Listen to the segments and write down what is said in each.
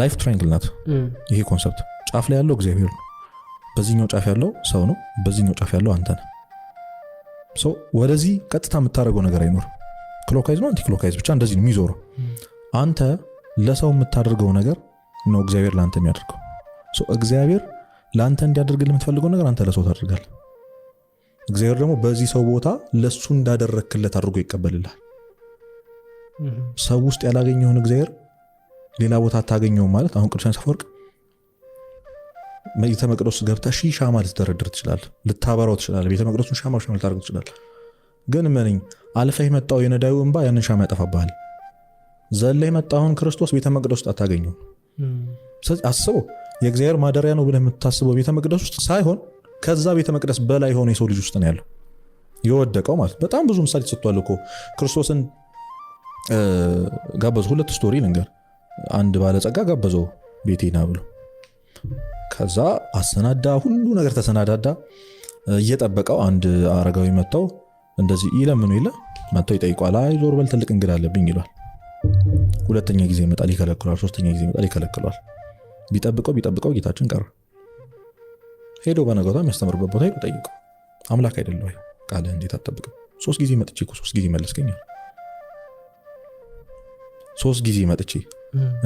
ላይፍ ትራንግል ናት። ይሄ ኮንሰፕት ጫፍ ላይ ያለው እግዚአብሔር ነው፣ በዚህኛው ጫፍ ያለው ሰው ነው፣ በዚህኛው ጫፍ ያለው አንተ ነው። ሰው ወደዚህ ቀጥታ የምታደርገው ነገር አይኖርም። ክሎካይዝ ነው አንቲክሎካይዝ፣ ብቻ እንደዚህ ነው የሚዞረው። አንተ ለሰው የምታደርገው ነገር ነው እግዚአብሔር ለአንተ የሚያደርገው። እግዚአብሔር ለአንተ እንዲያደርግ የምትፈልገው ነገር አንተ ለሰው ታደርጋል እግዚአብሔር ደግሞ በዚህ ሰው ቦታ ለሱ እንዳደረክለት አድርጎ ይቀበልልል ሰው ውስጥ ያላገኘውን እግዚአብሔር ሌላ ቦታ አታገኘውም ማለት አሁን ቅዱስ ዮሐንስ አፈወርቅ ቤተ መቅደስ ገብታ ሺህ ሻማ ልትደረድር ትችላል፣ ልታበራው ትችላል፣ ቤተ መቅደሱን ሻማ ሻማ ልታደርግ ትችላል። ግን ምንኝ አልፈ የመጣው የነዳዩ እንባ ያንን ሻማ ያጠፋብሃል። ዘለ የመጣውን ክርስቶስ ቤተ መቅደስ ውስጥ አታገኘው። አስበው፣ የእግዚአብሔር ማደሪያ ነው ብለህ የምታስበው ቤተ መቅደስ ውስጥ ሳይሆን ከዛ ቤተ መቅደስ በላይ የሆነ የሰው ልጅ ውስጥ ነው ያለው የወደቀው ማለት። በጣም ብዙ ምሳሌ ተሰጥቷል እኮ ክርስቶስን ጋበዙ። ሁለት ስቶሪ ልንገር አንድ ባለጸጋ ጋበዘው ቤቴና ብሎ ከዛ አሰናዳ፣ ሁሉ ነገር ተሰናዳዳ። እየጠበቀው አንድ አረጋዊ መጥተው እንደዚህ ይለምኑ የለ መጥተው ይጠይቋል። አይ ዞር በል ትልቅ እንግዳ አለብኝ ይሏል። ሁለተኛ ጊዜ ይመጣል ይከለክሏል። ሶስተኛ ጊዜ ይመጣል ይከለክሏል። ቢጠብቀው ቢጠብቀው ጌታችን ቀረ። ሄዶ በነገቷ የሚያስተምርበት ቦታ ሄዶ ጠይቀው አምላክ አይደለ ወይ ቃልህ እንዴት አትጠብቅም? ሶስት ጊዜ መጥቼ ሶስት ጊዜ መለስገኛል። ሶስት ጊዜ መጥቼ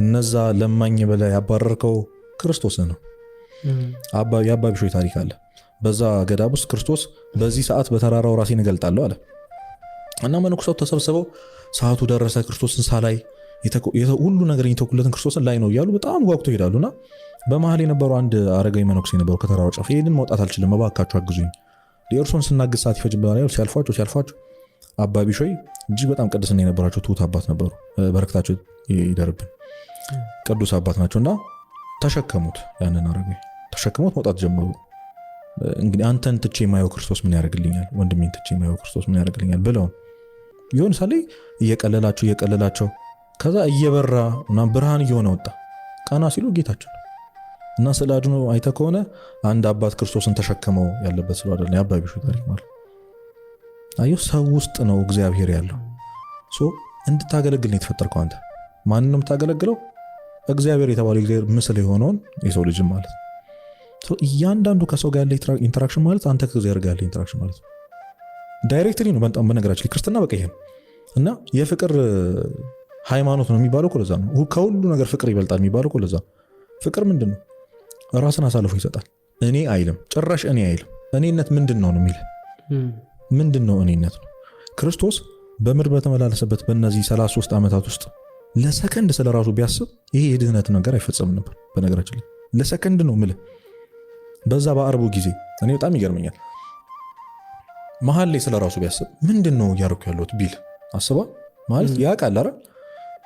እነዛ ለማኝ በላይ ያባረርከው ክርስቶስ ነው። የአባ ቢሾይ ታሪክ አለ። በዛ ገዳም ውስጥ ክርስቶስ በዚህ ሰዓት በተራራው ራሴን እገልጣለሁ አለ እና መነኮሳቱ ተሰብስበው ሰዓቱ ደረሰ፣ ክርስቶስን ሳላይ ሁሉ ነገር የተኩለትን ክርስቶስን ላይ ነው እያሉ በጣም ጓጉቶ ይሄዳሉና በመሀል የነበሩ አንድ አረጋዊ መነኩሴ ነበሩ። ከተራራው ጫፍ ይህንን መውጣት አልችልም፣ እባካችሁ አግዙኝ፣ የእርሶን ስናግዝ ሰዓት ይፈጅብናል። ሲያልፏቸው ሲያልፏቸው አባ ቢሾይ እጅግ በጣም ቅድስና የነበራቸው ትሁት አባት ነበሩ። በረከታቸው ይደርብን። ቅዱስ አባት ናቸው እና ተሸከሙት፣ ያንን አረግ ተሸክሞት መውጣት ጀመሩ። እንግዲህ አንተን ትቼ የማየው ክርስቶስ ምን ያደርግልኛል? ወንድሜን ትቼ የማየው ክርስቶስ ምን ያደርግልኛል? ብለው የሆነ ሳሌ እየቀለላቸው እየቀለላቸው ከዛ እየበራ ብርሃን እየሆነ ወጣ። ቀና ሲሉ ጌታችን እና ስለ አድኖ አይተ ከሆነ አንድ አባት ክርስቶስን ተሸክመው ያለበት ስለ አደለ የአባ ቢሾይ ታሪክ ማለት አየሁ ሰው ውስጥ ነው እግዚአብሔር ያለው። እንድታገለግል ነው የተፈጠርከው አንተ። ማን ነው የምታገለግለው? እግዚአብሔር የተባለ እግዚአብሔር ምስል የሆነውን የሰው ልጅ ማለት ነው። እያንዳንዱ ከሰው ጋር ያለ ኢንተራክሽን ማለት አንተ ከእግዚአብሔር ጋር ያለ ኢንተራክሽን ማለት ነው። ዳይሬክትሊ ነው። በጣም በነገራችን ክርስትና በቃ ይሄ እና የፍቅር ሃይማኖት ነው የሚባለው ለዛ ነው። ከሁሉ ነገር ፍቅር ይበልጣል የሚባለው እኮ ለዛ ነው። ፍቅር ምንድን ነው? ራስን አሳልፎ ይሰጣል። እኔ አይልም ጭራሽ። እኔ አይልም እኔነት ምንድን ነው ነው የሚል ምንድን ነው እኔነት ነው? ክርስቶስ በምድር በተመላለሰበት በእነዚህ 33 ዓመታት ውስጥ ለሰከንድ ስለ ራሱ ቢያስብ ይሄ የድህነት ነገር አይፈጸምም ነበር። በነገራችን ላይ ለሰከንድ ነው ምልህ። በዛ በአርቡ ጊዜ እኔ በጣም ይገርመኛል። መሀል ላይ ስለ ራሱ ቢያስብ ምንድን ነው እያደረኩ ያለሁት ቢል አስባ ማለት ያ ቃል አረ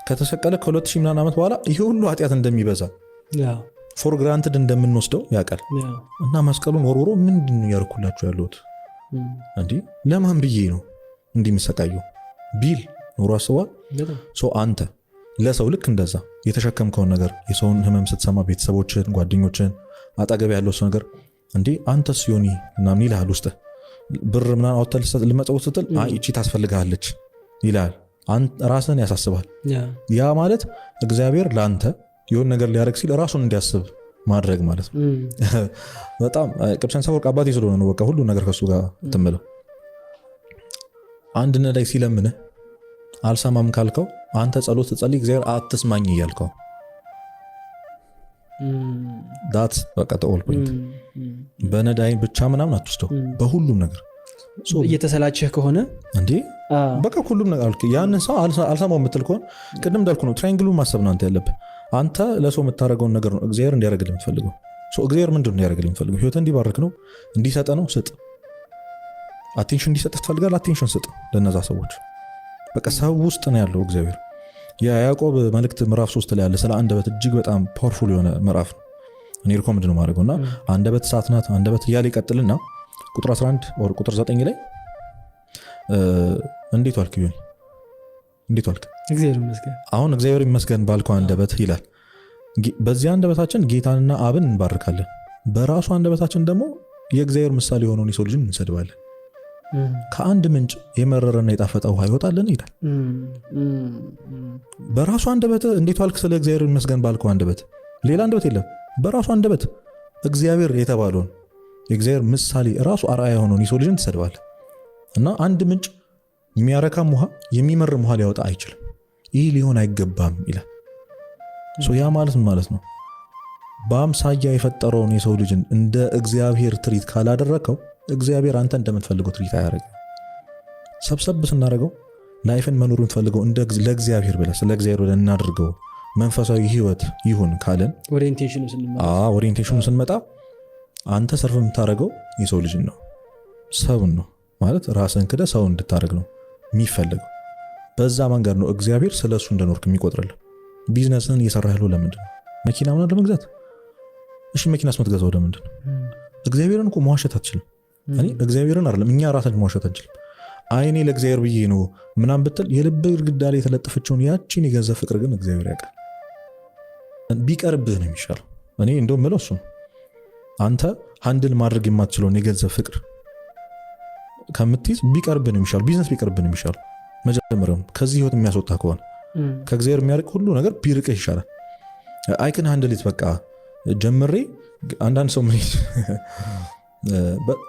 ከተሰቀለ ከ ሺህ ምናምን ዓመት በኋላ ይህ ሁሉ ኃጢአት እንደሚበዛ ፎር ግራንትድ እንደምንወስደው ያውቃል እና መስቀሉን ወርውሮ ምንድን ነው ያለት? ያለሁት እንዲ ለማን ብዬ ነው እንዲህ የምሰቃየው ቢል ኑሮ አስቧል። ሰው አንተ ለሰው ልክ እንደዛ የተሸከምከውን ነገር የሰውን ህመም ስትሰማ ቤተሰቦችን፣ ጓደኞችን፣ አጠገብ ያለው ሰው ነገር እንዴ አንተ ሲዮኒ ምናምን ይልሃል። ውስጥ ብር ምናምን አውጥተህ ስትል ይቺ ታስፈልግሃለች ይልሃል። ራስን ያሳስባል። ያ ማለት እግዚአብሔር ለአንተ የሆን ነገር ሊያደርግ ሲል ራሱን እንዲያስብ ማድረግ ማለት ነው። በጣም ቅዱሳን ሳወርቅ አባቴ ስለሆነ ነው። በቃ ሁሉ ነገር ከሱ ጋር ትምለው አንድ ላይ ሲለምንህ አልሰማም ካልከው አንተ ጸሎት ትጸልይ እግዚአብሔር አትስማኝ እያልከው ዳት በቃ ተኦል ፖይንት በነዳይ ብቻ ምናምን አትስተው በሁሉም ነገር እየተሰላችህ ከሆነ እንዴ በቃ ሁሉም ነገር ያንን ሰው አልሰማው የምትል ከሆን ቅድም እንዳልኩ ነው ትራይንግሉን ማሰብ ነው አንተ ያለብህ አንተ ለሰው የምታደርገውን ነገር ነው እግዚአብሔር እንዲያደርግልህ የምትፈልገው። እግዚአብሔር ምንድን ነው እንዲያደርግልህ የምትፈልገው? ህይወት እንዲባርክ ነው እንዲሰጠ ነው። ስጥ። አቴንሽን እንዲሰጥ ትፈልጋል። አቴንሽን ስጥ ለነዛ ሰዎች። በቃ ሰው ውስጥ ነው ያለው እግዚአብሔር። የያዕቆብ መልእክት ምዕራፍ ሶስት ላይ ያለ ስለ አንደበት እጅግ በጣም ፓወርፉል የሆነ ምዕራፍ ነው። እኔ ሪኮመንድ ነው ማድረገው እና አንደበት ሰዓት ናት አንደበት እያለ ይቀጥልና ቁጥር 11 ቁጥር 9 ላይ እንዴት ዋልክ ቢሆን እንዴት ዋልክ? እግዚአብሔር ይመስገን። አሁን እግዚአብሔር ይመስገን ባልኩ አንደበት ይላል። በዚህ አንደበታችን ጌታንና አብን እንባርካለን፣ በራሱ አንደበታችን ደግሞ የእግዚአብሔር ምሳሌ የሆነውን የሰው ልጅን እንሰድባለን። ከአንድ ምንጭ የመረረና የጣፈጠ ውሃ ይወጣለን ይላል። በራሱ አንደበት እንዴት ዋልክ ስለ እግዚአብሔር ይመስገን ባልከው አንደበት፣ ሌላ አንደበት የለም። በራሱ አንደበት እግዚአብሔር የተባለውን የእግዚአብሔር ምሳሌ ራሱ አርአያ የሆነውን የሰው ልጅን ትሰድባለን እና አንድ ምንጭ የሚያረካም ውሃ የሚመርም ውሃ ሊያወጣ አይችልም። ይህ ሊሆን አይገባም ይላል። ያ ማለት ማለት ነው በአምሳያ የፈጠረውን የሰው ልጅን እንደ እግዚአብሔር ትሪት ካላደረከው እግዚአብሔር አንተ እንደምትፈልገው ትሪት አያደርግም። ሰብሰብ ስናደርገው ላይፍን መኖር የምትፈልገው ለእግዚአብሔር ብለህ ስለ እግዚአብሔር ብለህ እናድርገው መንፈሳዊ ህይወት ይሁን ካለን ስንመጣ አንተ ሰርፍ የምታደርገው የሰው ልጅን ነው፣ ሰውን ነው ማለት ራስን ክደ ሰውን እንድታደርግ ነው። የሚፈልገው። በዛ መንገድ ነው እግዚአብሔር ስለ እሱ እንደኖርክ የሚቆጥርልን። ቢዝነስን እየሰራ ያለው ለምንድን ነው? መኪና ምናምን ለመግዛት እሺ፣ መኪናስ የምትገዛው ለምንድን ነው? እግዚአብሔርን እኮ መዋሸት አትችልም። እኔ እግዚአብሔርን አይደለም እኛ ራሳችን መዋሸት አንችልም። አይኔ ለእግዚአብሔር ብዬ ነው ምናምን ብትል የልብ ግድግዳ ላይ የተለጠፈችውን ያቺን የገንዘብ ፍቅር ግን እግዚአብሔር ያውቃል። ቢቀርብህ ነው የሚሻለው። እኔ እንደውም ምለው እሱ አንተ ሀንድል ማድረግ የማትችለውን የገንዘብ ፍቅር ከምትይዝ ቢቀርብን ይሻል፣ ቢዝነስ ቢቀርብን ይሻል። መጀመሪያም ከዚህ ህይወት የሚያስወጣ ከሆነ ከእግዚአብሔር የሚያርቅ ሁሉ ነገር ቢርቅህ ይሻላል። አይክን ሀንድሊት በቃ ጀምሬ አንዳንድ ሰው ምን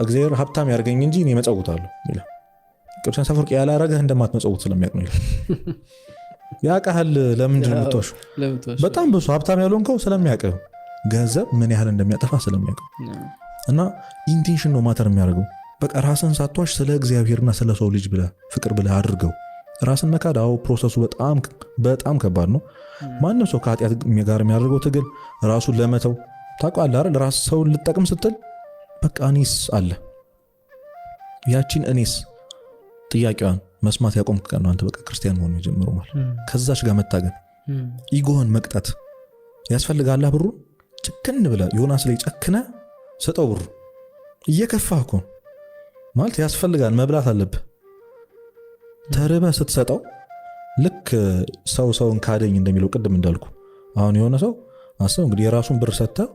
እግዚአብሔር ሀብታም ያደርገኝ እንጂ እኔ መጸውታለሁ ይላል። ቅዱሳን ሰፈወርቅ ያላረገህ እንደማትመጸውት ስለሚያውቅ ነው ይላል። ያውቃል። ለምንድን ነው በጣም ብዙ ሀብታም ያልሆንከው ስለሚያውቅ ገንዘብ ምን ያህል እንደሚያጠፋ ስለሚያውቅ እና ኢንቴንሽን ነው ማተር የሚያደርገው በቃ ራስን ሳትዋሽ ስለ እግዚአብሔርና ስለ ሰው ልጅ ብለህ ፍቅር ብለህ አድርገው። ራስን መካድ አዎ፣ ፕሮሰሱ በጣም በጣም ከባድ ነው። ማንም ሰው ከኃጢአት ጋር የሚያደርገው ትግል ራሱን ለመተው ታውቃለህ አይደል? ራስ ሰውን ልጠቅም ስትል በቃ እኔስ አለ ያቺን እኔስ ጥያቄዋን መስማት ያቆም ቀን ነው አንተ በቃ ክርስቲያን መሆኑ የጀምሮ ማለት ከዛች ጋር መታገል፣ ኢጎን መቅጠት ያስፈልጋላ። ብሩ ጭክን ብለ ዮናስ ላይ ጨክነ ሰጠው። ብሩ እየከፋ እኮ ማለት ያስፈልጋል፣ መብላት አለብ ተርበ ስትሰጠው ልክ ሰው ሰውን ካደኝ እንደሚለው ቅድም እንዳልኩ አሁን የሆነ ሰው አስብ እንግዲህ የራሱን ብር አልሰጠም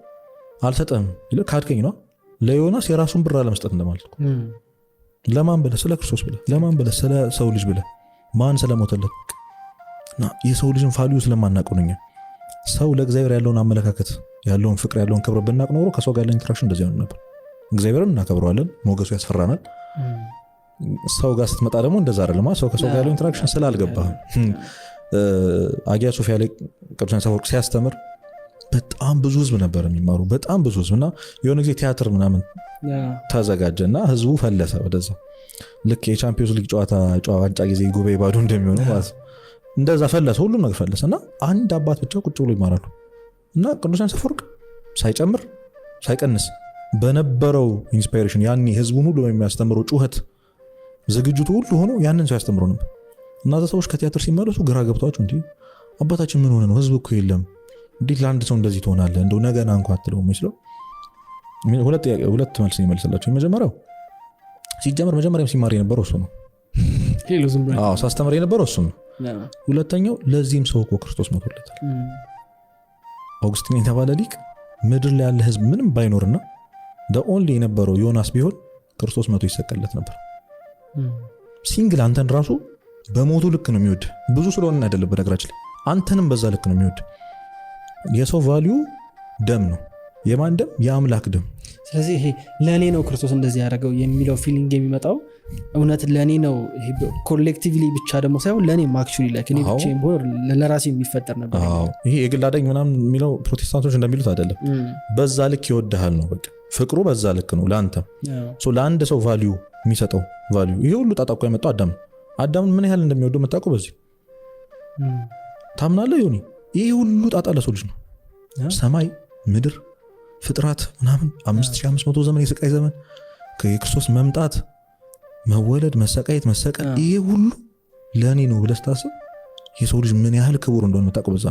አልሰጠህም ካድገኝ ነው። ለዮናስ የራሱን ብር አለመስጠት እንደማለት ለማን ብለህ ስለ ክርስቶስ ብለ ለማን ብለህ ስለ ሰው ልጅ ብለ ማን ስለሞተለት የሰው ልጅን ፋሊዩ ስለማናውቀው ነው። ሰው ለእግዚአብሔር ያለውን አመለካከት ያለውን ፍቅር ያለውን ክብር ብናቅ ኖሮ ከሰው ጋር ያለ ኢንተራክሽን እንደዚህ ነበር። እግዚአብሔርን እናከብረዋለን፣ ሞገሱ ያስፈራናል። ሰው ጋር ስትመጣ ደግሞ እንደዛ አይደለም። ሰው ከሰው ጋር ያለው ኢንትራክሽን ስላልገባህም አጊያ ሶፊያ ላይ ቅዱሳን ሰፈወርቅ ሲያስተምር በጣም ብዙ ህዝብ ነበር የሚማሩ በጣም ብዙ ህዝብ እና የሆነ ጊዜ ቲያትር ምናምን ተዘጋጀ እና ህዝቡ ፈለሰ ወደዛ ልክ የቻምፒዮንስ ሊግ ጨዋታ ዋንጫ ጊዜ ጉባኤ ባዶ እንደሚሆኑ ማለት እንደዛ ፈለሰ፣ ሁሉም ነገር ፈለሰ እና አንድ አባት ብቻ ቁጭ ብሎ ይማራሉ እና ቅዱሳን ሰፈወርቅ ሳይጨምር ሳይቀንስ በነበረው ኢንስፓይሬሽን ያኔ ህዝቡን ሁሉ የሚያስተምረው ጩኸት ዝግጅቱ ሁሉ ሆኖ ያንን ሰው ያስተምረው ነበር። እናዛ ሰዎች ከቲያትር ሲመለሱ ግራ ገብቷቸው እንዲ አባታችን ምን ሆነ ነው ህዝብ እኮ የለም እንዴት ለአንድ ሰው እንደዚህ ትሆናለ እንደው ነገና እንኳ አትለው መስለው ሁለት መልስ ይመልስላቸው። የመጀመሪያው ሲጀመር መጀመሪያም ሲማር የነበረው እሱ ነው ሳስተምር የነበረው እሱ ነው። ሁለተኛው ለዚህም ሰው እኮ ክርስቶስ ሞቶለታል። አውግስቲን የተባለ ሊቅ ምድር ላይ ያለ ህዝብ ምንም ባይኖርና ኦንሊ የነበረው ዮናስ ቢሆን ክርስቶስ መቶ ይሰቀለት ነበር። ሲንግል አንተን ራሱ በሞቱ ልክ ነው የሚወድ ብዙ ስለሆነ አይደለም፣ በነገራችን ላይ አንተንም በዛ ልክ ነው የሚወድ። የሰው ቫሊዩ ደም ነው። የማን ደም? የአምላክ ደም ስለዚህ ይሄ ለእኔ ነው ክርስቶስ እንደዚህ ያደረገው የሚለው ፊሊንግ የሚመጣው እውነት ለእኔ ነው ኮሌክቲቭሊ ብቻ ደግሞ ሳይሆን ለእኔ አክቹዋሊ ላይክ ለራሴ የሚፈጠር ነበር። ይሄ የግል አዳኝ ምናምን የሚለው ፕሮቴስታንቶች እንደሚሉት አይደለም። በዛ ልክ ይወድሃል ነው በቃ ፍቅሩ በዛ ልክ ነው። ለአንተ ለአንድ ሰው ቫሊዩ የሚሰጠው ቫሊዩ ይሄ ሁሉ ጣጣ የመጣው አዳም አዳምን ምን ያህል እንደሚወደው መጣቁ በዚህ ታምናለ ይሁን ይሄ ሁሉ ጣጣ ለሰው ልጅ ነው። ሰማይ ምድር ፍጥረት ምናምን 5500 ዘመን የስቃይ ዘመን የክርስቶስ መምጣት መወለድ መሰቃየት መሰቀል ይሄ ሁሉ ለእኔ ነው ብለህ ስታስብ የሰው ልጅ ምን ያህል ክቡር እንደሆነ መታውቀው በዛ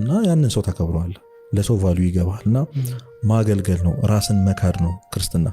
እና ያንን ሰው ተከብረዋል ለሰው ቫሉ ይገባል እና ማገልገል ነው ራስን መካድ ነው ክርስትና